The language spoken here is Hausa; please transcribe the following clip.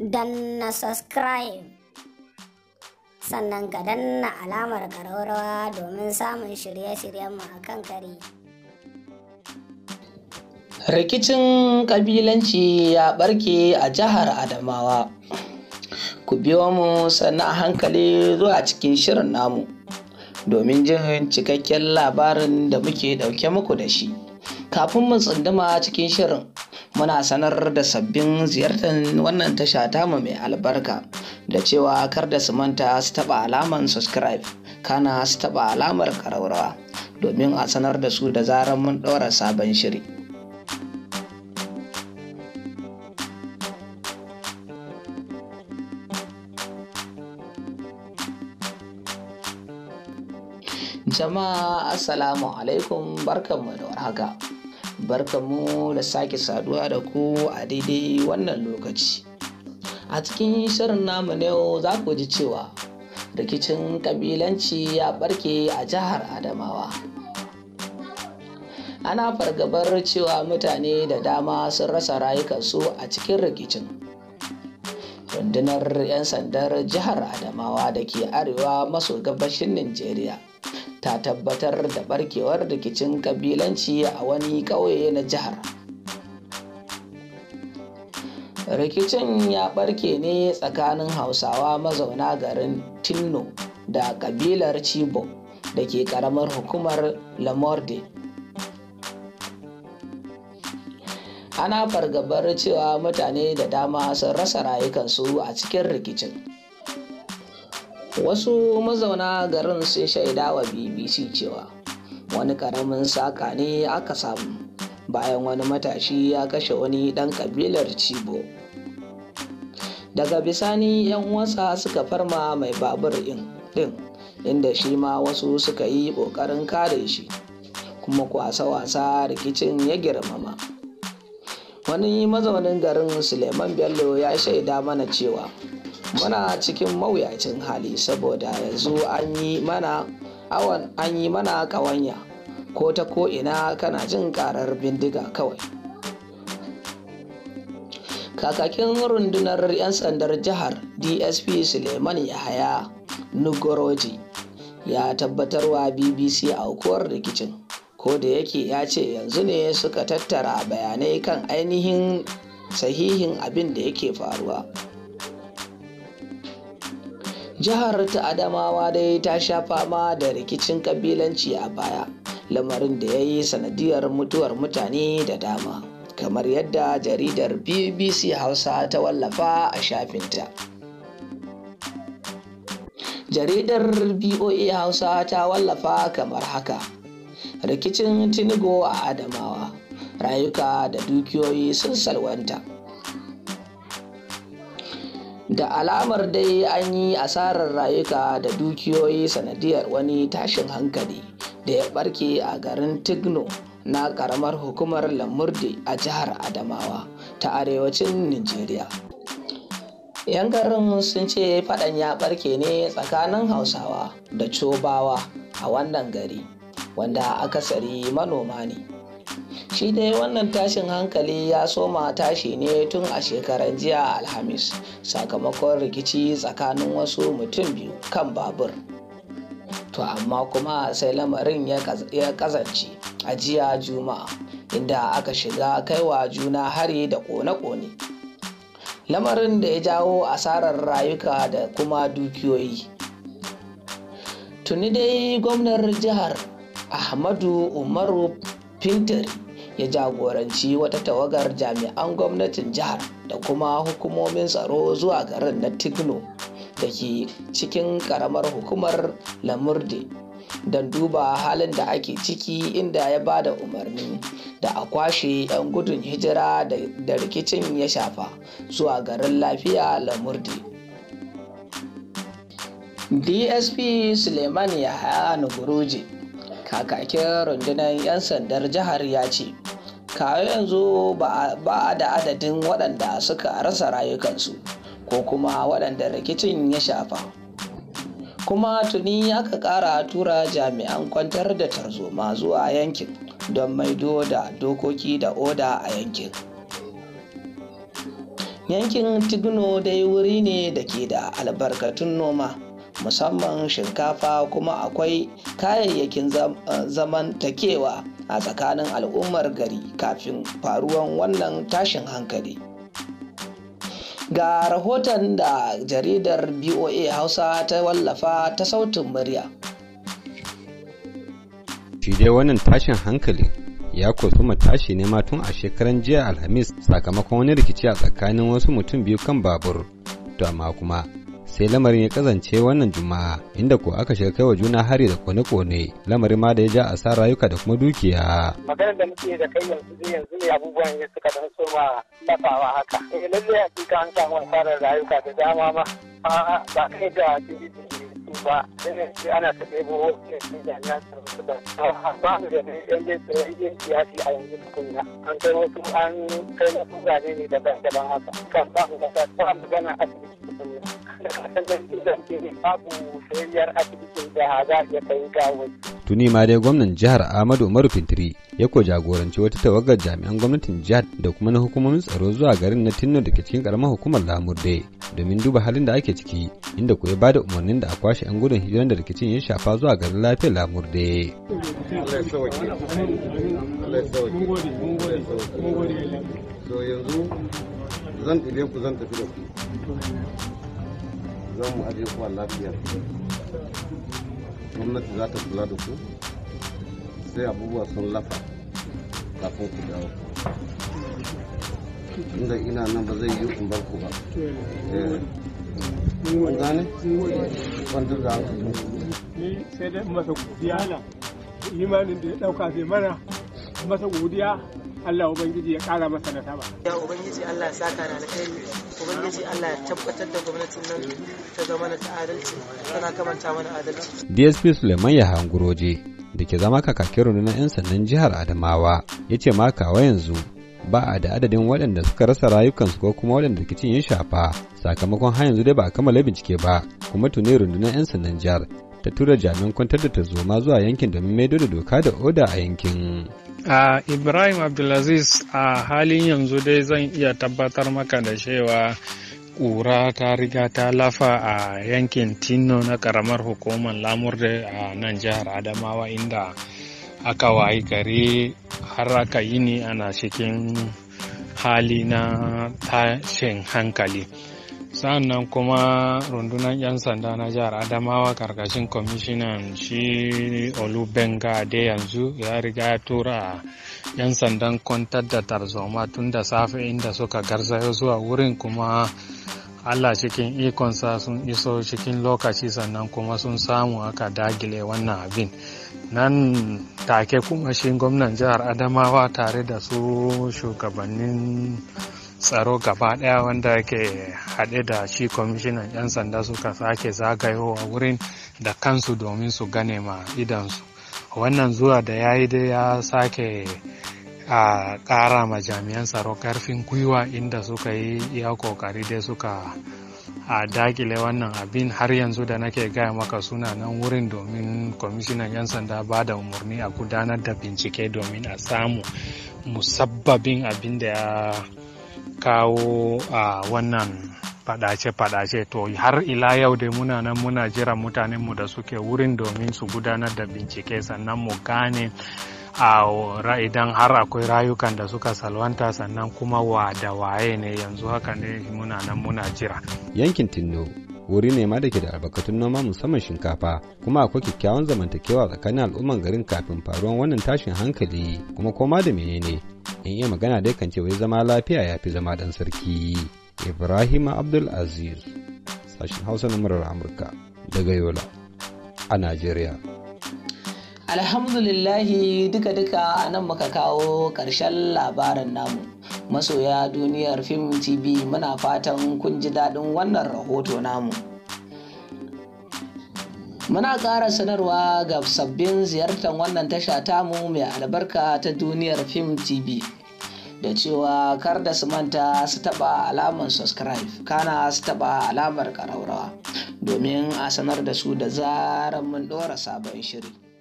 na subscribe sannan ka danna alamar ƙararrawa domin samun shirye-shiryenmu a kan kare rikicin ƙabilanci ya ɓarke a jihar adamawa ku biyo mu sannan a hankali zuwa cikin shirin namu domin jin cikakken labarin da muke ɗauke muku da shi kafin mu tsunduma cikin shirin muna sanar da sabbin ziyartar wannan tasha tamu mai albarka da cewa kar da su manta su taba alamar subscribe kana su taba alamar karaurawa domin a sanar da su da zarar mun ɗora sabon shiri jama'a assalamu alaikum barkanmu da warhaka barkamu da sake saduwa da ku a daidai wannan lokaci a cikin shirin namu na yau za ku ji cewa rikicin kabilanci ya barke a jihar adamawa ana fargabar cewa mutane da dama sun rasa rayukansu a cikin rikicin rundunar 'yan sandar jihar adamawa da ke arewa maso gabashin najeriya ta tabbatar da barkewar rikicin kabilanci a wani ƙauye na jihar rikicin ya barke ne tsakanin hausawa mazauna garin tinno da kabilar chibok da ke karamar hukumar lamorde ana fargabar cewa mutane da dama sun rasa rayukansu a cikin rikicin wasu mazauna garin sun shaida wa bbc cewa wani karamin saƙa ne aka samu bayan wani matashi ya kashe wani ɗan ƙabilar cibo daga bisani 'yan wasa suka farma mai babur ɗin inda shi ma wasu suka yi ƙoƙarin kare shi kuma kwasa-wasa rikicin ya girmama wani mazaunin garin suleiman bello ya shaida mana cewa muna cikin mawuyacin hali saboda yanzu an yi mana awan an yi mana ƙawanya ko ta ko'ina kana jin ƙarar bindiga kawai kakakin rundunar 'yan sandar jihar dsp suleiman yahaya nugoroji ya tabbatarwa bbc a aukuwar rikicin ko da yake ya ce yanzu ne suka tattara bayanai kan ainihin sahihin abin da yake faruwa jihar ta adamawa dai ta sha fama da rikicin kabilanci a baya lamarin da ya yi sanadiyar mutuwar mutane da dama kamar yadda jaridar bbc hausa ta wallafa a shafinta jaridar boa hausa ta wallafa kamar haka rikicin tinigo a adamawa rayuka da dukiyoyi sun salwanta da alamar dai an yi asarar rayuka da dukiyoyi sanadiyar wani tashin hankali da ya barke a garin tigno na karamar hukumar lamurde a jihar adamawa ta arewacin nigeria yan garin sun ce fadan ya barke ne tsakanin hausawa da cobawa a wannan gari wanda akasari manoma ne shi dai wannan tashin hankali ya soma tashi ne tun a shekaran jiya alhamis sakamakon rikici tsakanin wasu mutum biyu kan babur to amma kuma sai lamarin ya kazance a jiya juma'a inda aka shiga kaiwa juna hari da kone-kone lamarin da ya jawo asarar rayuka da kuma dukiyoyi tuni dai gwamnar jihar ahmadu umaru pintari ya jagoranci wata tawagar jami'an gwamnatin jihar da kuma hukumomin tsaro zuwa garin na tigno da ke cikin karamar hukumar lamurde don duba halin da ake ciki inda ya ba da umarni da a kwashe 'yan gudun hijira da rikicin ya shafa zuwa garin lafiya lamurde dsp suleiman yahaya nuguruji kakakin rundunar 'yan sandar jihar ya ce kawo yanzu ba da adadin waɗanda suka rasa rayukansu ko kuma waɗanda rikicin ya shafa kuma tuni aka ƙara tura jami'an kwantar da tarzoma zuwa yankin don maido da dokoki da oda a yankin yankin tigno dai wuri ne da ke da albarkatun noma musamman shinkafa kuma akwai kayayyakin eh, zamantakewa a tsakanin al'ummar gari kafin faruwan wannan tashin hankali ga rahoton da jaridar boa hausa ta wallafa ta sautin murya shi dai wannan tashin hankali ya kusuma tashi ne ma tun a shekaran jiya alhamis sakamakon wani rikici a tsakanin wasu mutum biyu kan babur da amma kuma sai lamarin ya kazance wannan juma'a inda ko aka shiga kaiwa juna hari da kone-kone lamarin ma da ya ja asar rayuka da kuma dukiya. Maganar da muke da kai yanzu zai yanzu ne abubuwan ya suka dan soma lafawa haka. Eh lallai hakika an samu asarar rayuka da dama ma. A'a ba kai da jiri ba sai ana ta ɗebo wasu jami'an tsaro da ba su da yan yan siyasi a yanzu tukunya an kai wasu an kai ne daban-daban haka kan ba da ta magana asibiti Tuni ma dai gwamnan jihar Ahmadu Umaru Fintiri ya ko jagoranci wata tawagar jami'an gwamnatin jihar da kuma na hukumomin tsaro zuwa garin na Tinno da ke cikin karamar hukumar Lamurde domin duba halin da ake ciki inda ku ya bada umarnin da a kwashe 'yan gudun hijiran da rikicin ya shafa zuwa garin lafiyar Lamurde. yanzu zan ɗibe ku zan tafi da ku zan mu aje ku a lafiya gwamnati za ta kula da ku sai abubuwa sun lafa kafin ku dawo inda ina nan ba zai yi in bar ku ba eh. kun kwantar da hankali ni sai dai masa godiya imanin da ya ɗauka zai mana masa godiya Allah Ubangiji ya kara masa nasaba. Ya Ubangiji Allah ya saka da alkhairi, Ubangiji Allah ya tabbatar da gwamnatin nan ta zama na adalci, tana kamanta mana adalci. DSP Suleiman ya hanguroje da ke zama kakakin rundunar 'yan sandan jihar Adamawa ya ce ma kawa yanzu ba a da adadin waɗanda suka rasa rayukansu ko kuma waɗanda rikicin ya shafa sakamakon har yanzu dai ba a kammala bincike ba kuma tuni rundunar 'yan sandan jihar ta tura jami'an kwantar da ta zoma zuwa yankin domin maido da doka da oda a yankin. a ibrahim abdulaziz a halin yanzu dai zan iya tabbatar maka da cewa ƙura ta riga ta lafa a yankin tino na karamar hukumar lamurde a nan jihar adamawa inda aka wayi gari har aka yi yini ana cikin hali na tashin hankali sa'an nan kuma rundunar 'yan sanda na jihar adamawa karkashin kwamishinan shi olubenga da yanzu ya riga ya tura 'yan sandan kwantar da tarzoma tun da safe inda suka garzayo zuwa wurin kuma allah cikin ikonsa sun iso cikin lokaci sannan kuma sun samu aka dagile wannan abin nan take kuma shi gwamnan jihar adamawa tare da su shugabannin tsaro gaba daya wanda ke haɗe da shi kwamishinan 'yan sanda suka sake zagayowa wurin da kansu domin su gane ma idansu wannan zuwa da ya yi dai ya sake a ƙara ma jami'an tsaro ƙarfin gwiwa inda suka yi iya ƙoƙari dai suka a dakile wannan abin har yanzu da nake gaya maka suna nan wurin domin kwamishinan 'yan sanda ba da umarni a gudanar da bincike domin a samu musabbabin abin da ya kawo a wannan fadace-fadace to har ila yau dai muna nan muna jiran mu da suke wurin domin su gudanar da bincike sannan mu gane a idan har akwai rayukan da suka salwanta sannan kuma wa da waye ne yanzu haka ne muna nan muna jira yankin tinno wuri ne ma da ke da albarkatun noma musamman shinkafa kuma akwai kyakkyawan zamantakewa tsakanin al'umman garin kafin faruwan wannan tashin hankali kuma koma da menene in iya magana dai kan ce wai zama lafiya ya fi zama dan sarki ibrahim abdul aziz sashen hausa na murar amurka daga yola a najeriya alhamdulillahi duka-duka nan muka kawo ƙarshen labaran namu masoya duniyar fim tv muna fatan kun ji daɗin wannan rahoto namu Muna ƙara sanarwa ga sabbin ziyartar wannan tasha tamu mai albarka ta duniyar Film TV. Da cewa kar da su manta su taɓa alamar subscribe, kana su taɓa alamar ƙaraurawa domin a sanar da su da zarar mun ɗora sabon shiri.